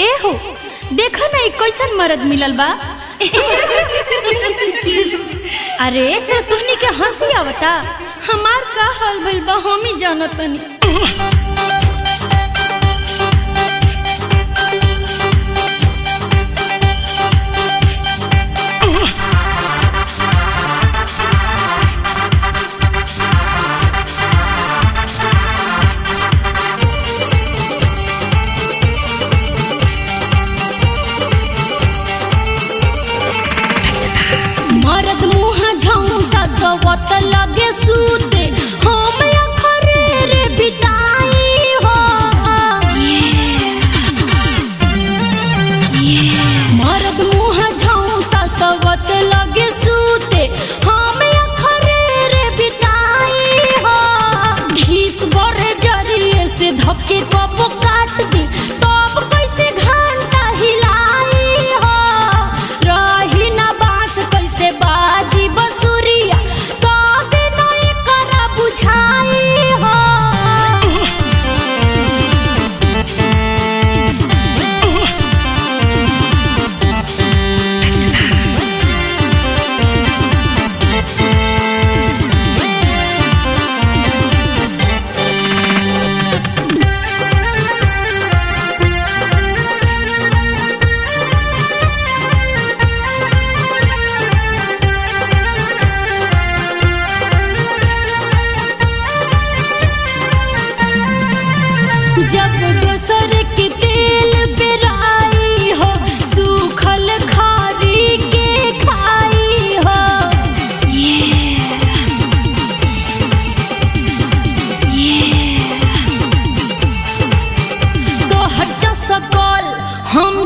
ए हो देखा ना एक कैसन मर्द मिलल बा अरे तोहनी के हंसी आवता हमार का हाल भइल बा हम ही जानत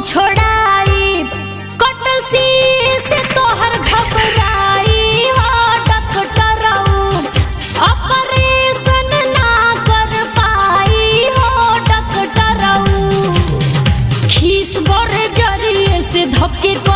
छोड़ाई कटल सी से तो घबराई हो डॉक्टरऊ ऑपरेशन ना कर पाई हो डॉक्टरऊ खीस जरिए से धपके